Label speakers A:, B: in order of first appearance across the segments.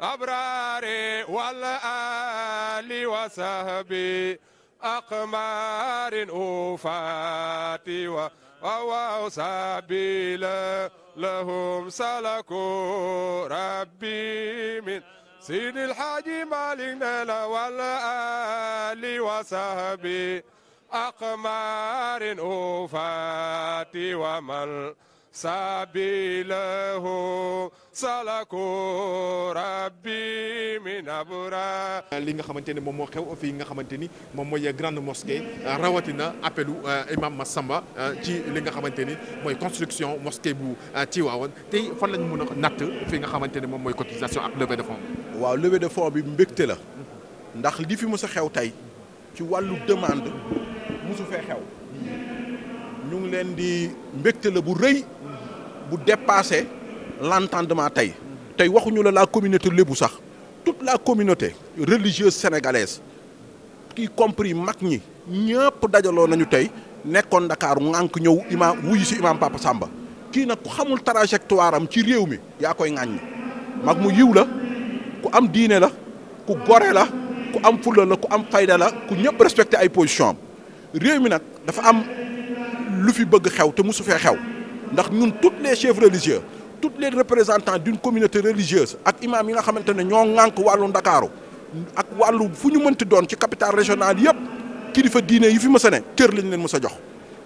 A: الأبرار والآل وصحبي أقمار أوفاتي وأوصابي لهم سلكوا ربي من سيد الحاج مالك نال والآل وصحبي أقمار أوفاتي ومن سبيله salako rabbi ko abra li nga xamante ne moom moo xew fii nga xamante ni moom mooy grande mosquée rawatina appelu euh, imam Massamba euh, ci li nga xamante ni mooy construction mosquée bu euh, Tivaouane tey fan lañ mën a natt fii nga xamante ne moom mooy cotisation ak levée de fonds.
B: waaw levée de fonds bi mbégte la
A: ndax li fi mos a xew tey
B: ci wàllu demande mosu fee xew ñu ngi leen di mbégte la bu rëy bu dépassé. l'entendement tey tey waxuñu la la communauté lébu sax toute la communauté religieuse sénégalaise y compris mag ñi ñëpp dajaloo nañu tey nekkoon ndakaaru ŋànk ñëw imaam wuyu si imaam Papa Samba kii nag ku xamul trajectoire am ci réew mi yaa koy ŋàññi mag mu yiw la ku am diine la ku gore la ku am fulla la ku am fayda la ku ñëpp respecté ay position réew mi nag dafa am lu fi bëgg xew te mosu fee xew ndax ñun toutes les chefs religieux toutes les représentants d'une communauté religieuse ak imam yi nga xamante ne ñoo ŋànk wàllu ndakaaru ak wàllu fu ñu mënti doon ci capital régionale yëpp kilifa diine yi fi mës a ne cër lañu leen mës a jox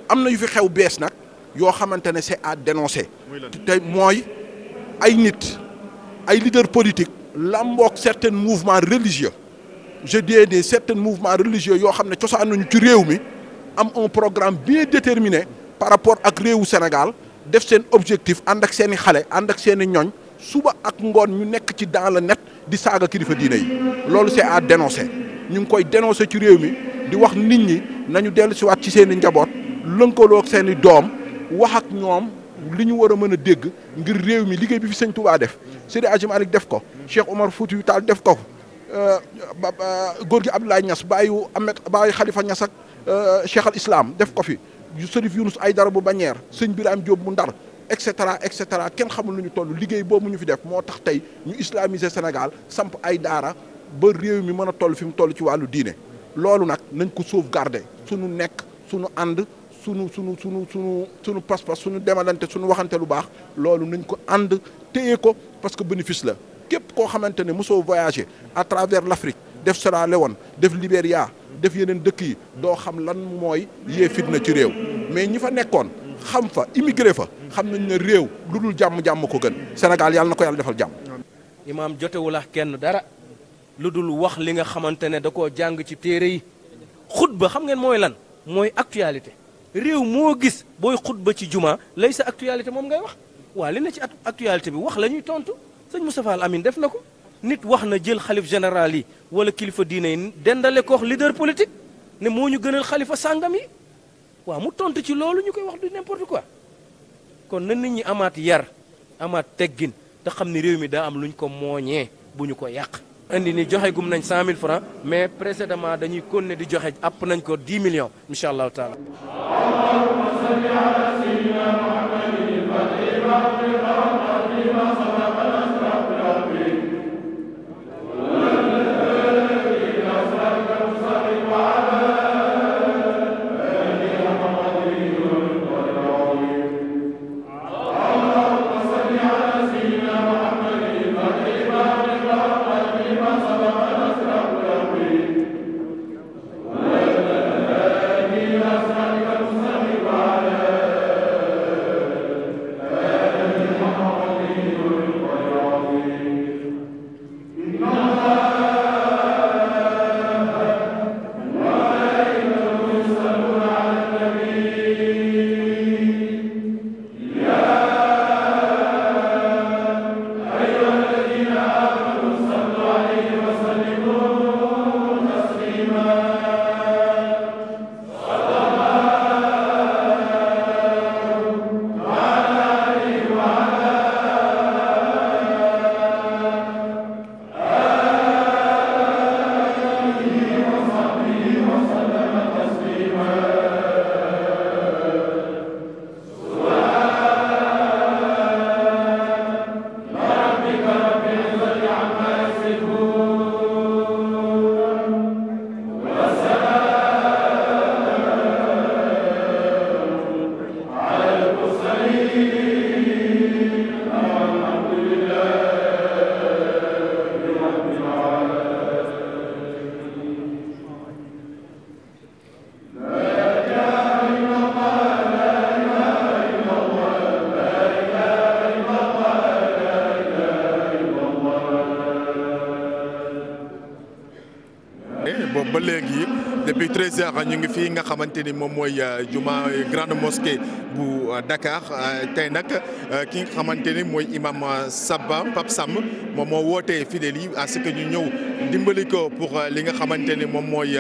B: am na yu fi xew bees nag yoo xamante ne c'est à dénoncer tey mooy ay nit ay leader politique làmboog certains mouvement religieux je dis des certains mouvements religieux yoo xam ne cosaan nañu ci réew mi am un programme bien déterminé par rapport ak réewu Sénégal def seen objectif ànd ak seen i xale ànd ak seen i ñoñ suba ak ngoon ñu nekk ci dans le net di saaga kilifa diine yi loolu c'est à dénoncer ñu ngi koy dénoncer ci réew mi di wax nit ñi nañu dellu siwaat ci seen njaboot lëkkaloo ak seen i doom wax ak ñoom li ñu war a mën a dégg ngir réew mi liggéey bi fi sëñ Touba def Seydi Hadji def ko Cheikh Omar Foutiyou Tall def ko euh, góor gi Abdoulaye Niass bàyyi Ahmed bàyyi xalifa Niass ak euh, Cheikh islaam def ko fi Serif ay dara bu Bañeer sëñ Birame Diop mu Ndar et cetera et cetera kenn xamul lu ñu toll liggéey boobu ñu fi def moo tax tey ñu islamiser Sénégal samp ay daara ba réew mi mën a toll fi mu toll ci wàllu diine loolu nag nañ ko sauvegarder suñu nekk suñu ànd sunu sunu sunu sunu sunu pas-pas suñu demalante suñu waxante lu baax loolu nañ ko ànd téye ko parce que bénéfice la képp koo xamante ne mosoo voyager à travers l'Afrique def Sierra woon def Libéria def yeneen dëkk yi doo xam lan mooy yee fitna ci réew mais ñi fa nekkoon xam fa immigré fa xam nañ ne réew lu dul jàmm-jàmm ko gën Sénégal yàlla na ko yàlla defal jàmm
C: imaam jotewul ak kenn dara lu dul wax li nga xamante ne da koo jàng ci téere yi xutba xam ngeen mooy lan mooy actualité réew moo gis booy xutba ci jumaa lay sa actualité moom ngay wax waa li ne ci actualité bi wax la ñuy tontu sëñ Moustapha Al Amine def na ko nit wax na jël xalif général yi wala kilifa diina yi dendale ko wax leader ne moo ñu gënal xalifa sàngam yi waaw mu tontu ci loolu ñu koy wax du ko quoi kon na nit ñi amaat yar amaat teggin te xam ni réew mi daa am lu ñu ko mooñee bu ñu ko yàq. indi ni joxe nañ cent mille francs mais précédemment dañuy continuer di joxe àpp nañ ko 10 millions incha allahu taala. اللهم صل على سيدنا محمد الفاتح
B: لما أغلق
A: ba léegi depuis 13 heures ñu ngi fii nga xamante ni moom mooy euh, juma euh, grande mosquée bu euh, Dakar euh, tey nag euh, ki nga xamante ni mooy imam Samba Pape Samb moom moo woote fidèles yi à ce que ñu ñëw dimbali ko pour li nga xamante ni moom mooy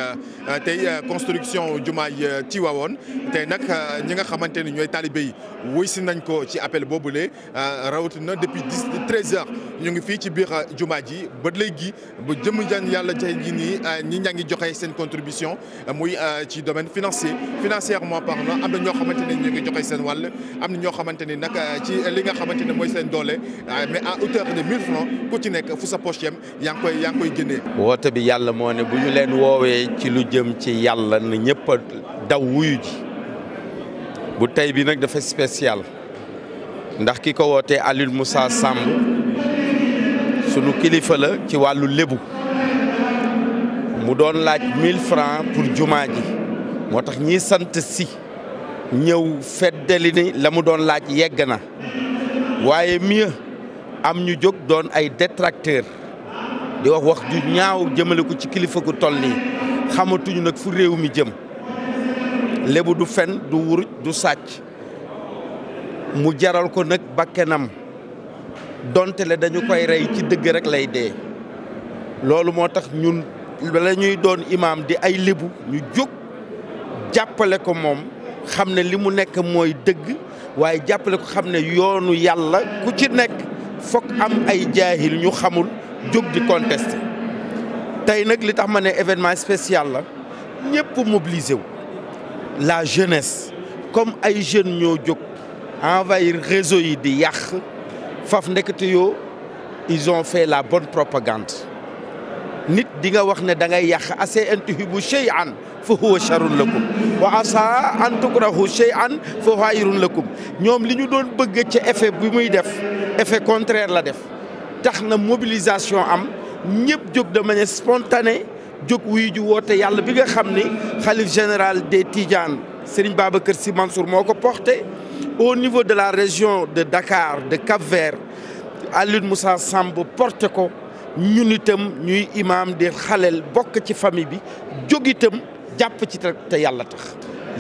A: tey construction jumaay Tiwaawoon tey nag ñi nga xamante ni ñooy taalibe yi wuy si nañ ko ci appel boobule rawatina depuis dix heures ñu ngi fii ci biir jumaa ji ba léegi ba jëm jaan yàlla tey jii nii ñu ñaa ngi joxe seen contribution muy ci domaine financier financièrement parlant am na ñoo xamante ne joxe seen wàll am na ñoo xamante ni nag eh, ci li nga xamante ne mooy seen doole eh, mais à hauteur de 1000 francs ku ci nekk fu sa poche yem yaa ngi koy yaa
C: woote bi yàlla moo ne bu ñu leen woowee ci lu jëm ci yàlla na ñëpp daw wuyu ji bu tey bi nag dafa special ndax ki ko wootee Aliou Moussa Samb sunu kilifa la ci wàllu lébu mu doon laaj 1000 francs pour jumaa ji moo tax ñiy sant si. ñëw feddali ni la mu doon laaj yegg na waaye mieux am ñu jóg doon ay détracteur di wax wax ju ñaaw jëmale ko ci kilifa gu toll nii xamatuñu nag fu réew mi jëm lébu du fen du wuruj du sàcc mu jaral ko nag bakkenam donte le dañu koy rey ci dëgg rek lay dee loolu moo tax ñun la ñuy doon imaam di ay lébu ñu jóg jàppale ko moom xam ne li mu nekk mooy dëgg waaye jàppale ko xam ne yoonu yàlla ku ci nekk fokk am ay jaahil ñu xamul jóg di contesté tey nag li tax ma ne événement spécial la ñëpp mobilisé wu la jeunesse comme ay jeunes ñoo jóg envahir réseau yi di yàq faf ndekete yoo ils ont fait la bonne propagande nit di nga wax ne da ngay yàq assez intuhi bu chey an fa huwa charun lakum wa asa an tukrahu shay'an fa khayrun lakum ñoom li ñu doon bëgg ci effet bi muy def effet contraire la def tax na mobilisation am ñëpp jóg de manière spontanée jóg wuyu ju woote yàlla bi nga xam ni xalif général des Tidianes Serigne Babacar Sy Mansour moo ko porté au niveau de la région de Dakar de Cap-Vert Alioune Moussa Samb porté ko ñun itam ñuy imam di xaleel bokk ci famille bi jóg jàpp ci te yàlla tax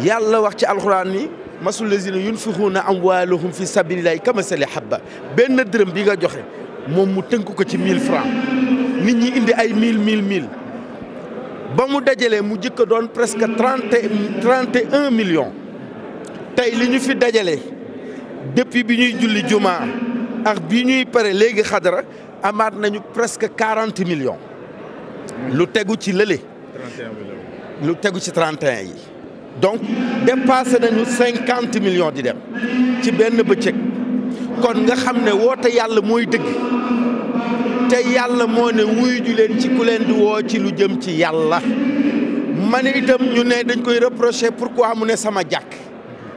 C: yàlla wax ci alxuraan ni masu masul lazina yunfixuuna amwaalahum fi sabilillahi kamasali habba benn dërëm bi nga joxe moom mu tënk ko ci 1000 francs nit ñi indi ay 1000 1000 1000 ba mu dajalee mu jëkk doon presque trente trente un millions tey li ñu fi dajale depuis bi ñuy julli jumaa ak bi ñuy pare léegi xadara amaat nañu presque quarante millions lu tegu ci lële lu tegu ci 31 yi donc dépassé nañu cinquante millions di dem ci benn bëccëg kon nga xam ne woote yàlla mooy dëgg te yàlla moo ne wuyu ju leen ci ku leen di woo ci lu jëm ci yàlla man itam ñu ne dañ koy reproché pourquoi mu ne sama jàkk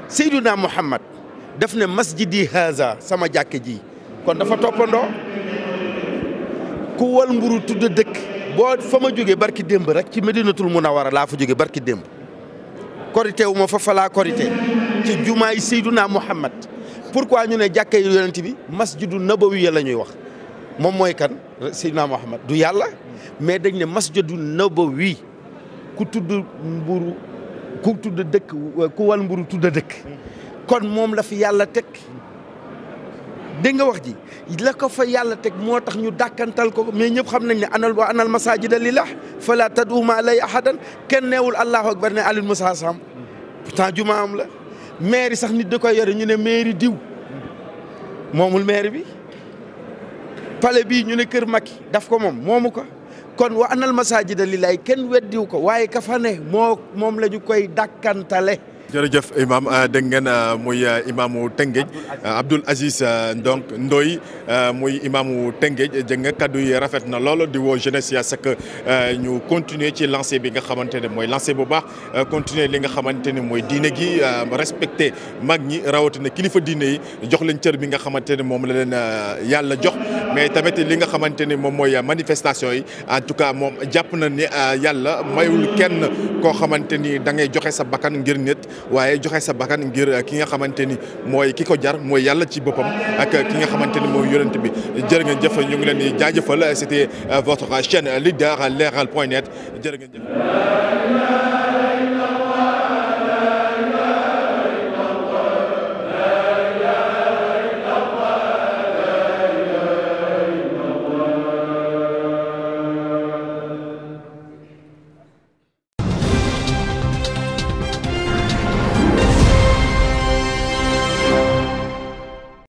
C: Seyduna Muhammad daf ne masjidi haza sama jàkk ji kon dafa toppandoo ku wal mburu tudd dëkk boo fa ma jógee barki démb rek ci war a laa fa jógee barki démb korité wu ma fa falaa korité ci jumaay Seyduna Muhammad pourquoi ñu ne jàkka yi yonent bi masjidu nabawi la ñuy wax moom mooy kan Seyduna Muhammad du yàlla mais dañ ne masjidu nabawi ku tudd mburu ku tudd dëkk ku wal mburu tudd dëkk kon moom la fi yàlla teg dégg nga wax ji la ko fa yàlla teg moo tax ñu dàkkantal ko mais ñëpp xam nañ ne anal wa anal masajida lillah fala tad'u ma lay ahadan kenn neewul allahu akbar ne Alioune Moussa Samb pourtant juma am la mairie sax nit da koy yore ñu ne mairie diw moomul mairie bi pale bi ñu ne kër Macky daf ko moom moomu ko kon wa anal masajida lillahi kenn weddiw ko waaye ka moo moom lañu koy dàkkantale
A: jërëjëf imam euh, dégg ngeen euh, muy euh, imaamu Tëngéej Abdoul Aziz donc Ndoye muy imaamu Tëngéej dégg nga kaddu yi rafet na lool di woo jeunesse ya sak ñu continuer ci lancé bi nga xamante ne mooy lancé bu baax continuer li nga xamante ne mooy diine gi respecter mag ñi rawatina kilifa diine jox leen cër bi nga xamante ne moom la leen yàlla jox mais tamit li nga xamante ne moom mooy manifestation yi en tout cas moom jàpp na ni yàlla mayul kenn koo xamante ni da ngay joxe sa bakkan ngir nit waaye joxe sa bakkan ngir ki nga xamante ni mooy ki ko jar mooy yàlla ci boppam ak ki nga xamante ni mooy yonent bi jërë ngeen jëf ñu ngi leen di jaajëfal c'était euh, votre chaîne leader leral point net jërë ngeen jëf